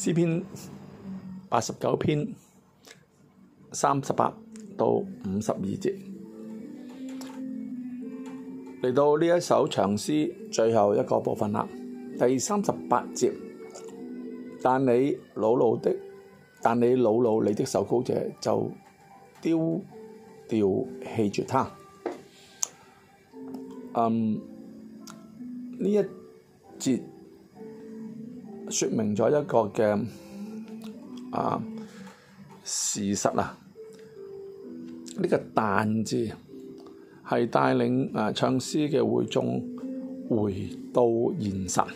詩篇八十九篇三十八到五十二節，嚟到呢一首長詩最後一個部分啦。第三十八節，但你惱怒的，但你惱怒，你的受膏者就丟掉棄絕他。嗯，呢一節。説明咗一個嘅啊事實啦，呢、這個但字係帶領、啊、唱詩嘅會眾回到現實，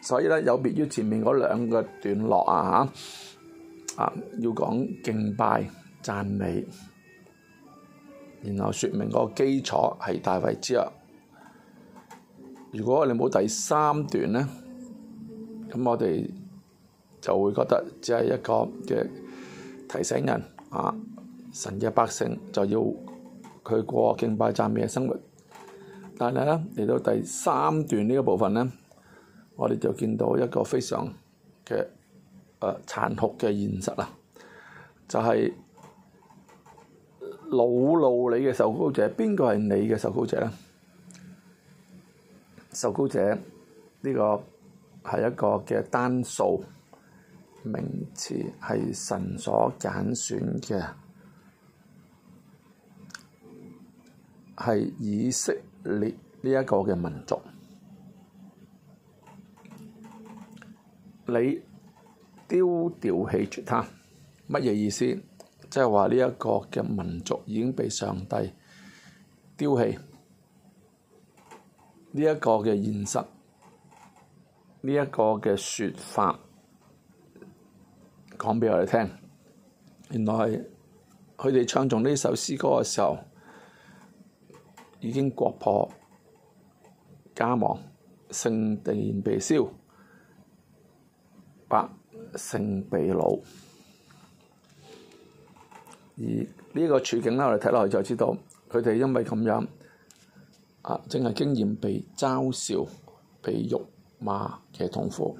所以咧有別於前面嗰兩個段落啊嚇啊，要講敬拜讚美，然後説明個基礎係大為衛之啊！如果你冇第三段咧？咁我哋就會覺得只係一個嘅提醒人啊，神嘅百姓就要去過敬拜讚美嘅生活。但係咧嚟到第三段呢個部分咧，我哋就見到一個非常嘅誒殘酷嘅現實啦，就係、是、老路你嘅受膏者，邊個係你嘅受膏者咧？受膏者呢、這個？係一個嘅單數名詞，係神所揀選嘅，係以色列呢一個嘅民族。你丟掉棄絕他，乜嘢意思？即係話呢一個嘅民族已經被上帝丟棄，呢一個嘅現實。呢一個嘅説法講畀我哋聽，原來佢哋唱頌呢首詩歌嘅時候，已經國破家亡，聖殿被燒，百姓被擄。而呢個處境呢，我哋睇落去就知道，佢哋因為咁樣，啊，正係經驗被嘲笑，被辱。嘛嘅痛苦，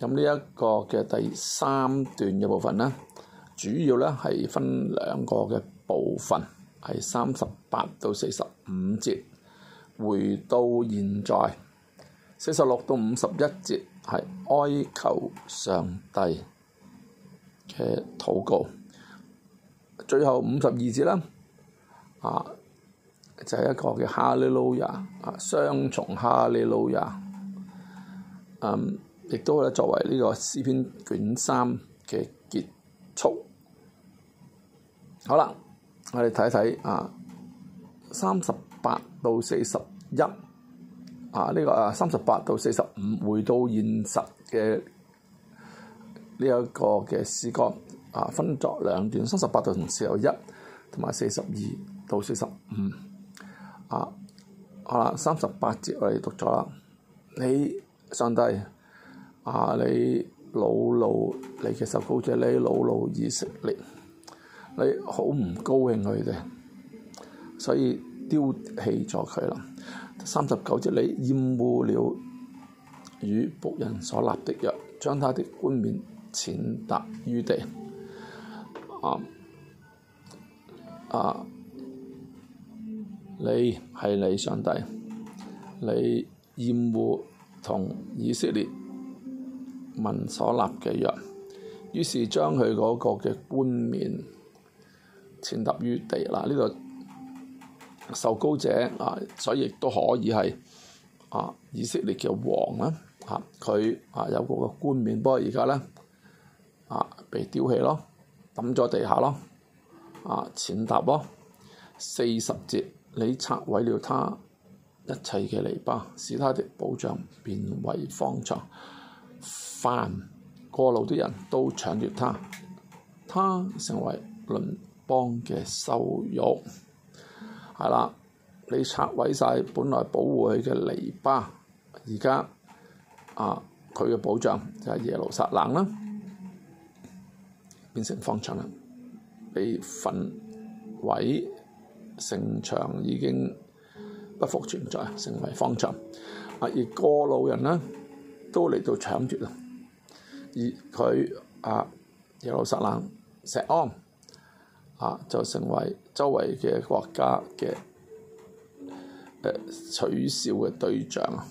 咁呢一個嘅第三段嘅部分呢，主要呢係分兩個嘅部分，係三十八到四十五節，回到現在，四十六到五十一節係哀求上帝嘅禱告，最後五十二節啦，啊就係、是、一個嘅哈利路亞啊，雙重哈利路亞。嗯，亦都咧作為呢個詩篇卷三嘅結束，好啦，我哋睇睇啊，三十八到四十一啊呢、這個啊三十八到四十五回到現實嘅呢一個嘅詩歌啊分作兩段，三十八到同四十一同埋四十二到四十五啊，好啦，三十八節我哋讀咗啦，你。上帝，啊！你老老，你嘅實好似你老老以色列，你好唔高興佢哋，所以丟棄咗佢啦。三十九隻你厭惡了與僕人所立的約，將他的冠冕踐踏於地。啊啊！你係你上帝，你厭惡。同以色列民所立嘅約，於是將佢嗰個嘅冠冕踐踏於地嗱，呢、這個受膏者啊，所以亦都可以係啊以色列嘅王啦。嚇佢啊有個嘅冠冕，不過而家咧啊被丟棄咯，抌咗地下咯，啊踐踏咯。四十節你拆毀了他。一切嘅籬笆，使他的保障變為荒場。凡過路的人都搶住他，他成為鄰邦嘅羞辱。係啦，你拆毀晒本來保護佢嘅籬笆，而家啊，佢嘅保障就係耶路撒冷啦，變成荒場啦，俾焚毀，城牆已經。不復存在，成為荒場啊。而過路人呢都嚟到搶奪啊！而佢啊，耶路撒冷、錫安啊，就成為周圍嘅國家嘅呃、取笑嘅對象啊！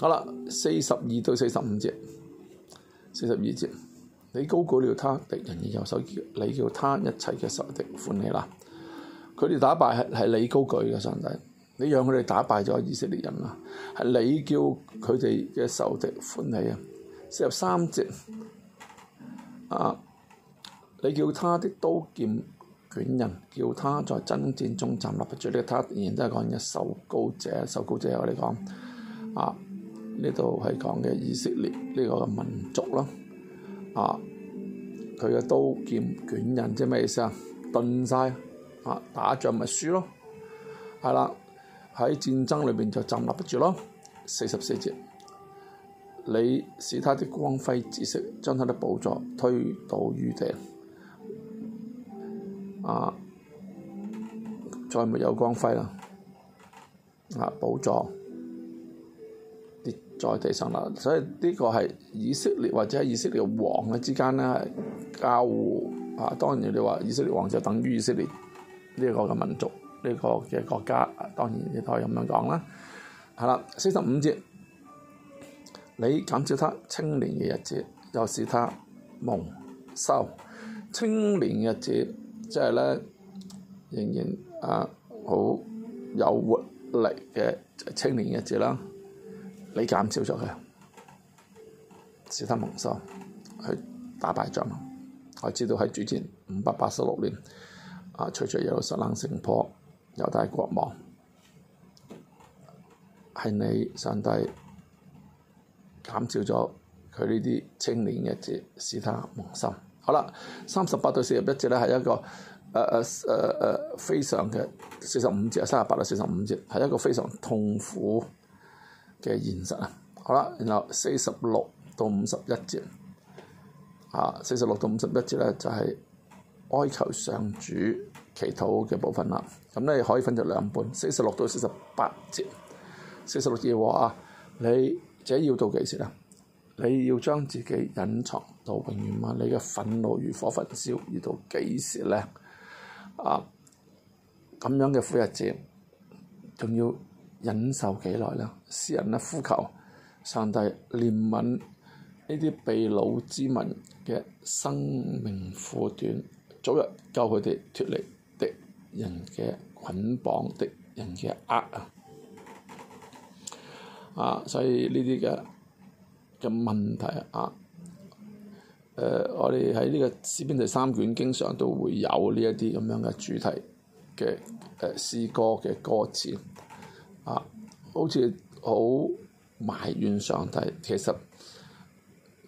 好啦，四十二到四十五節，四十二節，你高估了他敵人嘅右手腳，你叫他一切嘅仇敵歡喜啦！佢哋打敗，係係你高舉嘅上帝，你讓佢哋打敗咗以色列人啊！係你叫佢哋嘅仇敵歡喜啊！四十三節啊，你叫他的刀劍捲刃，叫他在爭戰中站立不住的他，然之後講嘅受膏者，受膏者我哋講啊，呢度係講嘅以色列呢個民族咯，啊，佢嘅刀劍捲刃即係咩意思啊？鈍曬！啊！打仗咪輸咯，係啦，喺戰爭裏邊就站立不住咯。四十四節，你使他的光輝止息將他的寶座推倒於地，啊，再沒有光輝啦，啊，寶座跌在地上啦。所以呢個係以色列或者係以色列王嘅之間呢交互啊。當然你話以色列王就等於以色列。呢個嘅民族，呢個嘅國家，當然你可以咁樣講啦。係啦，四十五節，你減少他青年嘅日子，又是他蒙羞。青年日子即係咧，仍然啊好有活力嘅青年日子啦。你減少咗佢，使他蒙羞去打敗仗。我知道喺主前五百八十六年。啊！隨着耶路撒冷城破，有大國亡，係你上帝減少咗佢呢啲青年嘅節，使他蒙羞。好啦，三十八到四十一節呢，係一個誒誒誒誒非常嘅四十五節啊，三十八到四十五節係一個非常痛苦嘅現實啊。好啦，然後四十六到五十一節啊，四十六到五十一節呢，就係、是、哀求上主。祈禱嘅部分啦，咁咧可以分成兩半，四十六到四十八節。四十六節話啊，你這要到幾時啊？你要將自己隱藏到永遠嘛？你嘅憤怒如火焚燒，要到幾時咧？啊，咁樣嘅苦日子，仲要忍受幾耐咧？詩人咧呼求上帝憐憫呢啲被擄之民嘅生命苦短，早日救佢哋脫離。人嘅捆綁的人嘅壓啊，啊，所以呢啲嘅嘅問題啊，誒、呃，我哋喺呢個詩篇第三卷經常都會有呢一啲咁樣嘅主題嘅誒詩歌嘅歌詞，啊，好似好埋怨上帝，其實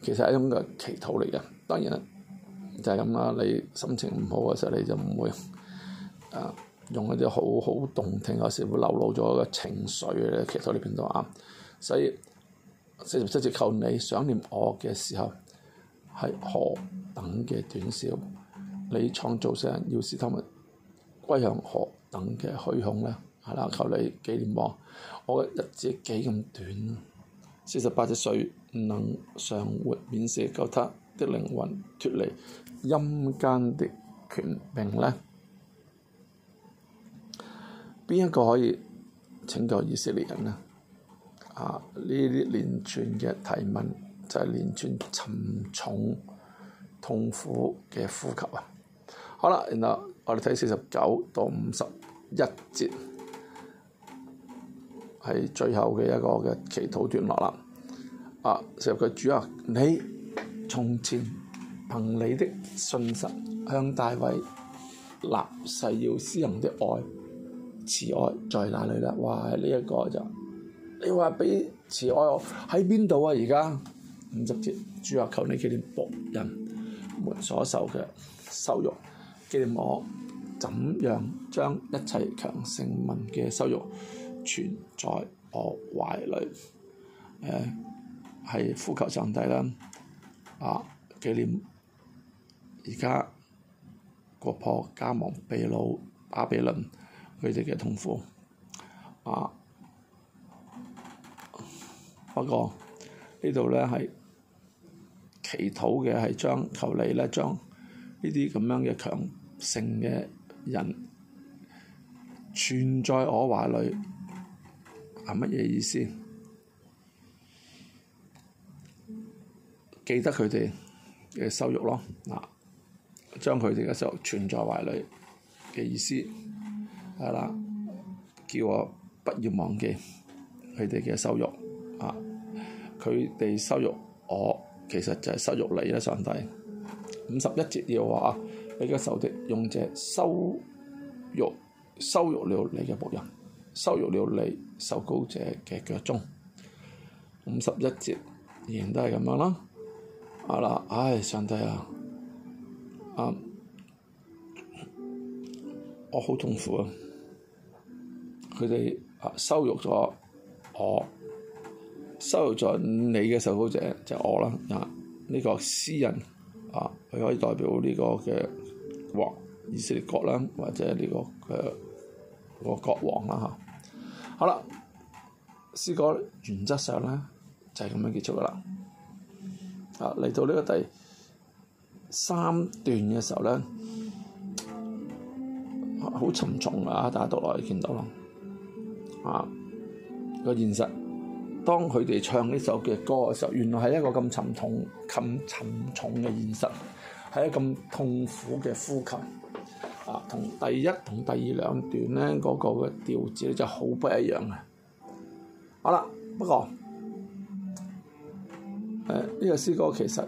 其實係一種嘅祈禱嚟嘅，當然就係咁啦，你心情唔好嘅時候你就唔會。啊、用一啲好好動聽，有時會流露咗嘅情緒咧，其實喺呢邊都啱，所以四十七節求你想念我嘅時候係何等嘅短少？你創造世人要使他們歸向何等嘅虛空咧？係啦，求你記念我，我嘅日子幾咁短，啊，四十八節誰唔能長活免死，救他的靈魂脫離陰間的權柄咧？邊一個可以拯救以色列人呢？啊！呢啲連串嘅提問就係、是、連串沉重痛苦嘅呼求啊！好啦，然後我哋睇四十九到五十一節，係最後嘅一個嘅祈禱段落啦。啊！神嘅主啊，你從前憑你的信實向大衛立誓要施行的愛。慈愛，了、這個、你慈愛在哪裡啦？哇！呢一個就你話俾慈愛喺邊度啊？而家五十節，主啊！求你記念僕人們所受嘅羞辱，記念我怎樣將一切強盛民嘅羞辱存在我懷裡。誒、呃，係呼求上帝啦！啊，記念而家國破家亡被，被擄巴比倫。佢哋嘅痛苦，啊！不過呢度咧係祈禱嘅，係將，求你咧將呢啲咁樣嘅強盛嘅人存在我懷裡，係乜嘢意思？記得佢哋嘅羞辱咯，嗱、啊，將佢哋嘅羞辱存在懷裡嘅意思。係啦，叫我不要忘記佢哋嘅羞辱啊！佢哋羞辱我，其實就係羞辱你啦，上帝。五十一節要話：你嘅仇敵用這羞辱，羞辱了你嘅僕人，羞辱了你，了你受膏者嘅腳蹤。五十一節仍然都係咁樣啦。啊嗱，唉、哎，上帝啊，啊，我好痛苦啊！佢哋啊，羞辱咗我，羞辱咗你嘅受膏者，就是、我啦。啊，呢、這個詩人啊，佢可以代表呢個嘅王以色列國啦、啊，或者呢、這個嘅個、啊、國王啦嚇、啊。好啦，詩歌原則上咧就係、是、咁樣結束噶啦。啊，嚟到呢個第三段嘅時候咧，好沉重啊！大家讀落去見到咯。啊！個現實，當佢哋唱呢首嘅歌嘅時候，原來係一個咁沉痛、咁沉重嘅現實，係一個咁痛苦嘅呼吸。啊，同第一同第二兩段呢，嗰、嗰個嘅調子就好不一樣啊！好啦，不過呢、啊這個詩歌其實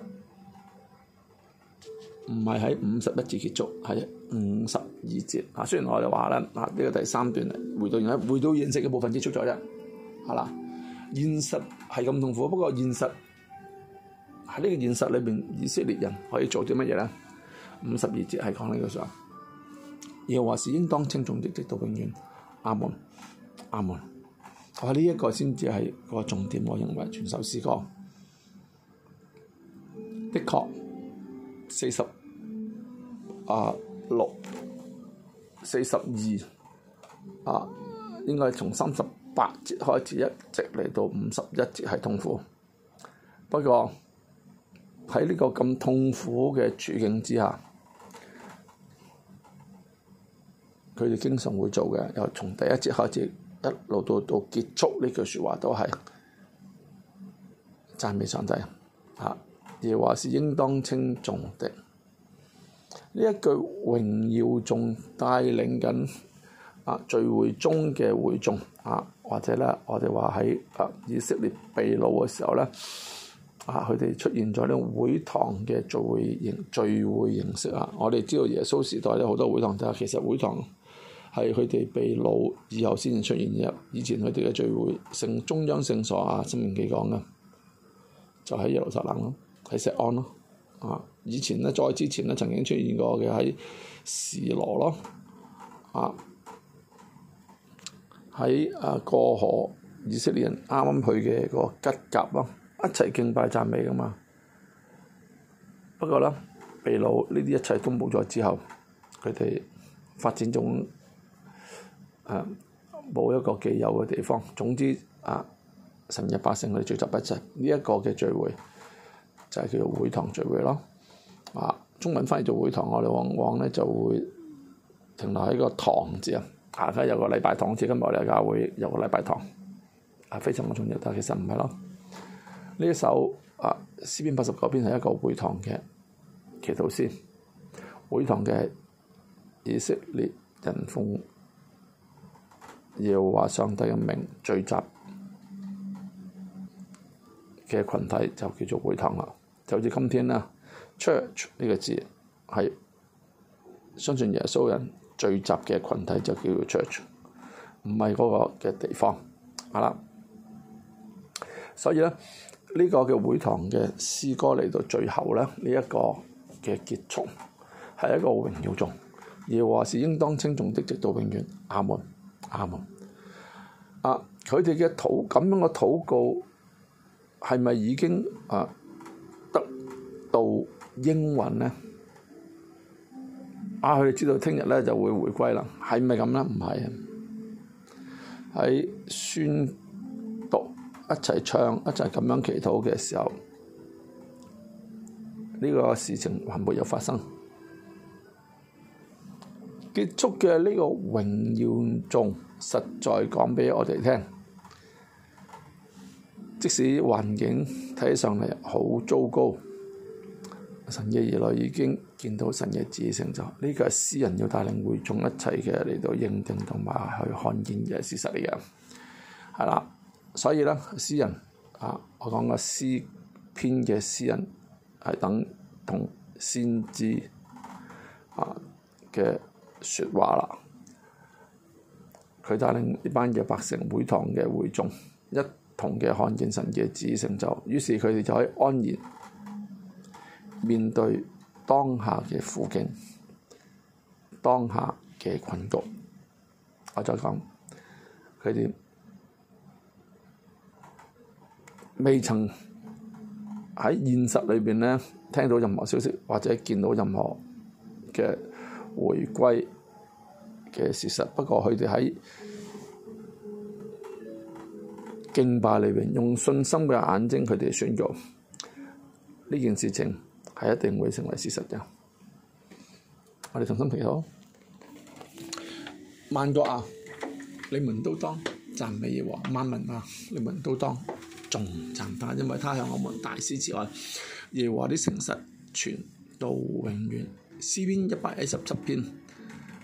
唔係喺五十一節結束，係一。五十二節啊，雖然我哋話咧啊，呢、這個第三段嚟，回到現實，回到現實嘅部分結束咗啫，係啦，現實係咁痛苦，不過現實喺呢個現實裏邊，以色列人可以做啲乜嘢咧？五十二節係講呢個嘅，耶和華是應當稱頌的，直到永遠。阿門，阿門。我呢一個先至係個重點，我認為全首詩歌，的確四十啊。40, 呃六四十二啊，應該從三十八節開始，一直嚟到五十一節係痛苦。不過喺呢個咁痛苦嘅處境之下，佢哋經常會做嘅，由從第一節開始一路到到結束呢句説話都係讚美上帝啊，耶和華是應當稱頌的。呢一句榮耀仲帶領緊啊聚會中嘅會眾啊，或者咧我哋話喺啊以色列被擄嘅時候咧啊，佢哋出現咗呢種會堂嘅聚會形聚會形式啊！式啊式我哋知道耶穌時代咧好多會堂，但係其實會堂係佢哋被擄以後先至出現嘅，以前佢哋嘅聚會成中央聖所啊，聖殿幾講嘅，就喺耶路撒冷咯，喺錫安咯，啊！以前呢，再之前呢，曾經出現過嘅喺士羅咯，啊喺啊過河，以色列人啱啱去嘅個吉甲咯，一齊敬拜讚美㗎嘛。不過呢，秘魯呢啲一切都冇咗之後，佢哋發展中誒冇一個既有嘅地方。總之啊，神嘅百姓佢哋聚集一齊，呢、這、一個嘅聚會就係叫做會堂聚會咯。中文翻譯做會堂，我哋往往呢就會停留喺個堂字啊！大家有個禮拜堂字，今日我哋教會有個禮拜堂，係、啊、非常之重要。但其實唔係咯，呢一首啊詩篇八十九篇係一個會堂嘅祈禱詩。會堂嘅以色列人奉耶和華上帝嘅名聚集嘅群體，就叫做會堂啦。就好似今天啦。church 呢個字係相信耶穌人聚集嘅群體就叫做 church，唔係嗰個嘅地方，係啦。所以咧呢、呢個嘅會堂嘅詩歌嚟到最後咧，呢一個嘅結束係一個榮耀頌，耶和華是應當稱頌的，直到永遠，阿門阿門。啊，佢哋嘅禱，咁樣嘅禱告係咪已經啊得到？英文呢，啊佢哋知道聽日呢就會回歸啦，係唔係咁呢？唔係。喺宣讀、一齊唱、一齊咁樣祈禱嘅時候，呢個事情還沒有發生。結束嘅呢個榮耀眾，實在講畀我哋聽，即使環境睇上嚟好糟糕。神嘅兒女已經見到神嘅旨意成就，呢個係詩人要帶領會眾一齊嘅嚟到認定同埋去看見嘅事實嚟嘅，係啦。所以咧，詩人啊，我講嘅詩篇嘅詩人係等同先知啊嘅説話啦，佢帶領一班嘅百姓會堂嘅會眾一同嘅看見神嘅旨意成就，於是佢哋就可以安然。面對當下嘅苦境、當下嘅困局，我再講佢哋未曾喺現實裏面呢聽到任何消息，或者見到任何嘅回歸嘅事實。不過佢哋喺敬拜裏面，用信心嘅眼睛選，佢哋宣讀呢件事情。係一定會成為事實嘅，我哋同心祈禱，萬國啊，你們都當讚美耶和華；萬民啊，你們都當頌讚他，因為他向我們大施慈愛，耶和華啲誠實存到永遠。詩篇一百一十七篇，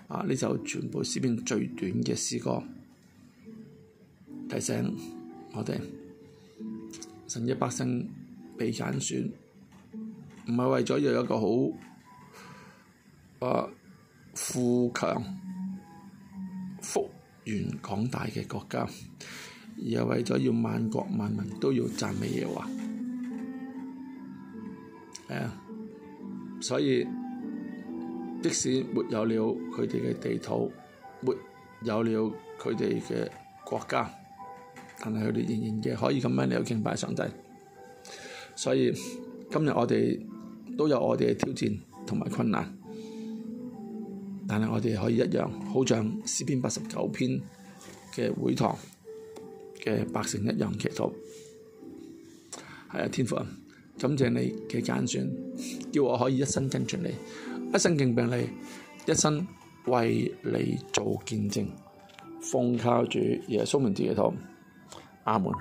啊，呢首全部詩篇最短嘅詩歌，提醒我哋，神嘅百姓被揀選。唔係為咗要有一個好，富強、幅員廣大嘅國家，而係為咗要萬國萬民都要讚美耶和華，係、嗯、所以即使沒有了佢哋嘅地土，沒有了佢哋嘅國家，但係佢哋仍然可以咁樣嚟敬拜上帝。所以今日我哋，都有我哋嘅挑戰同埋困難，但係我哋可以一樣，好像詩篇八十九篇嘅會堂嘅百姓一樣，祈禱，係啊，天父啊，感謝你嘅揀選，叫我可以一生跟住你，一生敬拜你，一生為你做見證，奉靠主耶穌明志嘅禱，阿門。